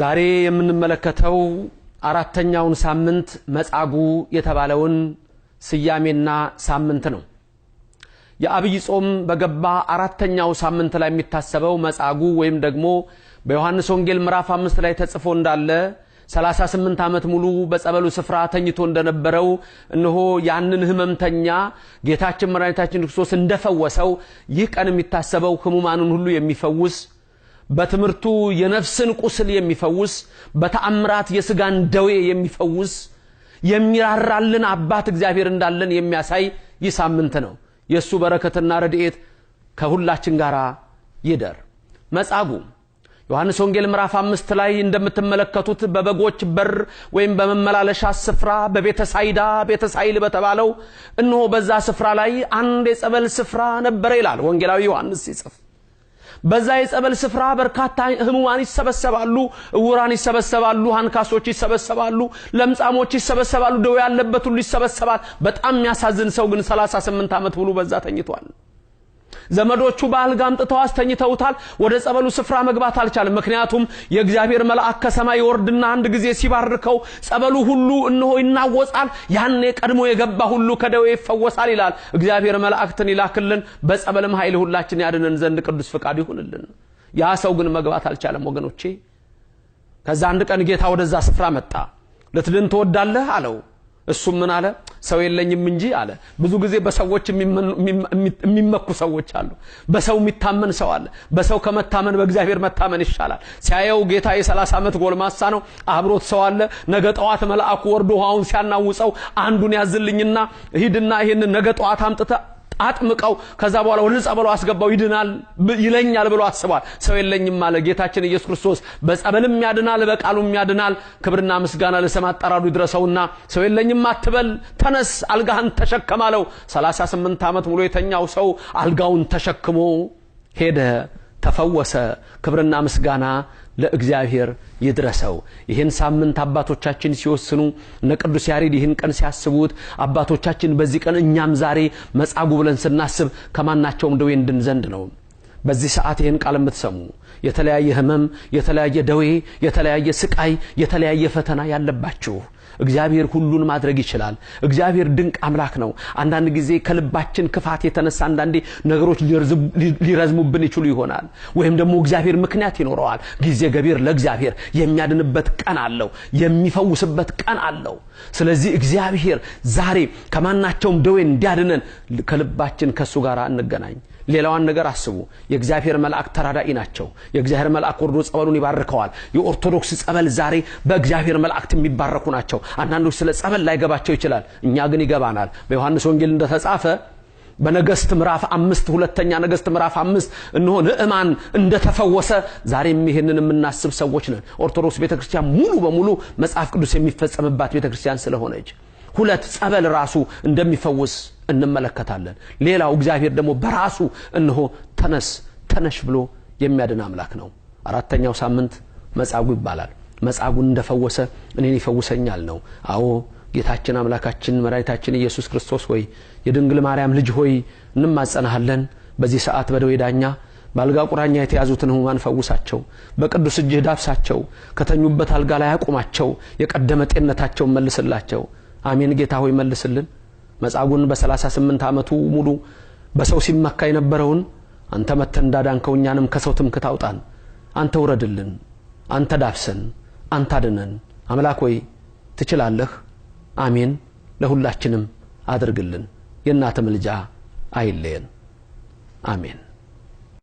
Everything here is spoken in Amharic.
ዛሬ የምንመለከተው አራተኛውን ሳምንት መጻጉዕ የተባለውን ስያሜና ሳምንት ነው። የአብይ ጾም በገባ አራተኛው ሳምንት ላይ የሚታሰበው መጻጉዕ ወይም ደግሞ በዮሐንስ ወንጌል ምዕራፍ አምስት ላይ ተጽፎ እንዳለ 38 ዓመት ሙሉ በጸበሉ ስፍራ ተኝቶ እንደነበረው እነሆ ያንን ህመምተኛ ጌታችን መድኃኒታችን ክርስቶስ እንደፈወሰው ይህ ቀን የሚታሰበው ህሙማንን ሁሉ የሚፈውስ በትምህርቱ የነፍስን ቁስል የሚፈውስ በተአምራት የስጋን ደዌ የሚፈውስ የሚራራልን አባት እግዚአብሔር እንዳለን የሚያሳይ ይህ ሳምንት ነው የእሱ በረከትና ረድኤት ከሁላችን ጋር ይደር መጻጉ ዮሐንስ ወንጌል ምዕራፍ አምስት ላይ እንደምትመለከቱት በበጎች በር ወይም በመመላለሻ ስፍራ በቤተሳይዳ ቤተሳይል በተባለው እነሆ በዛ ስፍራ ላይ አንድ የጸበል ስፍራ ነበረ ይላል ወንጌላዊ ዮሐንስ ሲጽፍ በዛ የጸበል ስፍራ በርካታ ህሙማን ይሰበሰባሉ፣ እውራን ይሰበሰባሉ፣ አንካሶች ይሰበሰባሉ፣ ለምጻሞች ይሰበሰባሉ፣ ደዌ ያለበት ሁሉ ይሰበሰባል። በጣም የሚያሳዝን ሰው ግን 38 ዓመት ሙሉ በዛ ተኝቷል። ዘመዶቹ በአልጋ አምጥተው አስተኝተውታል። ወደ ጸበሉ ስፍራ መግባት አልቻለም። ምክንያቱም የእግዚአብሔር መልአክ ከሰማይ ይወርድና አንድ ጊዜ ሲባርከው ጸበሉ ሁሉ እነሆ ይናወጻል። ያኔ ቀድሞ የገባ ሁሉ ከደዌ ይፈወሳል ይላል። እግዚአብሔር መላእክትን ይላክልን፣ በጸበልም ኃይል ሁላችን ያድነን ዘንድ ቅዱስ ፍቃድ ይሁንልን። ያ ሰው ግን መግባት አልቻለም ወገኖቼ። ከዛ አንድ ቀን ጌታ ወደዛ ስፍራ መጣ። ልትድን ትወዳለህ አለው። እሱም ምን አለ? ሰው የለኝም እንጂ አለ። ብዙ ጊዜ በሰዎች የሚመኩ ሰዎች አሉ። በሰው የሚታመን ሰው አለ። በሰው ከመታመን በእግዚአብሔር መታመን ይሻላል። ሲያየው ጌታ የ30 ዓመት ጎልማሳ ነው፣ አብሮት ሰው አለ። ነገ ጠዋት መልአኩ ወርዶ ውሃውን ሲያናውፀው አንዱን ያዝልኝና ሂድና ይህንን ነገ ጠዋት አምጥተ አጥምቀው ከዛ በኋላ ወደ ንጻ አስገባው ይድናል ይለኛል ብሎ አስቧል። ሰው የለኝም አለ ጌታችን ኢየሱስ ክርስቶስ። በጸበልም ያድናል፣ በቃሉም ያድናል። ክብርና ምስጋና ለስም አጠራሩ ይድረሰውና ሰው የለኝም አትበል፣ ተነስ፣ አልጋህን ተሸከማለው። 38 ዓመት ሙሉ የተኛው ሰው አልጋውን ተሸክሞ ሄደ፣ ተፈወሰ። ክብርና ምስጋና ለእግዚአብሔር ይድረሰው። ይህን ሳምንት አባቶቻችን ሲወስኑ እነ ቅዱስ ያሬድ ይህን ቀን ሲያስቡት አባቶቻችን በዚህ ቀን እኛም ዛሬ መጻጉ ብለን ስናስብ ከማናቸውም ደዌ እንድን ዘንድ ነው። በዚህ ሰዓት ይህን ቃል የምትሰሙ የተለያየ ህመም፣ የተለያየ ደዌ፣ የተለያየ ስቃይ፣ የተለያየ ፈተና ያለባችሁ እግዚአብሔር ሁሉን ማድረግ ይችላል። እግዚአብሔር ድንቅ አምላክ ነው። አንዳንድ ጊዜ ከልባችን ክፋት የተነሳ አንዳንዴ ነገሮች ሊረዝሙብን ይችሉ ይሆናል። ወይም ደግሞ እግዚአብሔር ምክንያት ይኖረዋል። ጊዜ ገቢር ለእግዚአብሔር የሚያድንበት ቀን አለው፣ የሚፈውስበት ቀን አለው። ስለዚህ እግዚአብሔር ዛሬ ከማናቸውም ደዌ እንዲያድነን ከልባችን ከእሱ ጋር እንገናኝ። ሌላዋን ነገር አስቡ። የእግዚአብሔር መልአክ ተራዳኢ ናቸው። የእግዚአብሔር መልአክ ወርዶ ጸበሉን ይባርከዋል። የኦርቶዶክስ ጸበል ዛሬ በእግዚአብሔር መልአክት የሚባረኩ ናቸው። ናቸው። አንዳንዶች ስለ ጸበል ላይገባቸው ይችላል። እኛ ግን ይገባናል። በዮሐንስ ወንጌል እንደተጻፈ በነገስት ምዕራፍ አምስት ሁለተኛ ነገስት ምዕራፍ አምስት እንሆ ንዕማን እንደተፈወሰ ዛሬም ይህንን የምናስብ ሰዎች ነን። ኦርቶዶክስ ቤተክርስቲያን ሙሉ በሙሉ መጽሐፍ ቅዱስ የሚፈጸምባት ቤተክርስቲያን ስለሆነች ሁለት ጸበል ራሱ እንደሚፈውስ እንመለከታለን። ሌላው እግዚአብሔር ደግሞ በራሱ እንሆ ተነስ ተነሽ ብሎ የሚያድን አምላክ ነው። አራተኛው ሳምንት መጻጉዕ ይባላል። መጻጉን እንደፈወሰ እኔን ይፈውሰኛል ነው አዎ ጌታችን አምላካችን መድኃኒታችን ኢየሱስ ክርስቶስ ሆይ የድንግል ማርያም ልጅ ሆይ እንማጸናሃለን በዚህ ሰዓት በደዌ ዳኛ በአልጋ ቁራኛ የተያዙትን ህሙማን ፈውሳቸው በቅዱስ እጅህ ዳብሳቸው ከተኙበት አልጋ ላይ አቁማቸው የቀደመ ጤንነታቸውን መልስላቸው አሜን ጌታ ሆይ መልስልን መጻጉን በ38 ዓመቱ ሙሉ በሰው ሲመካ የነበረውን አንተ መተን እንዳዳንከው እኛንም ከሰው ትምክት አውጣን አንተ ውረድልን አንተ ዳብሰን አንታድነን አምላክ ሆይ ትችላለህ አሜን ለሁላችንም አድርግልን የእናተ ምልጃ አይለየን አሜን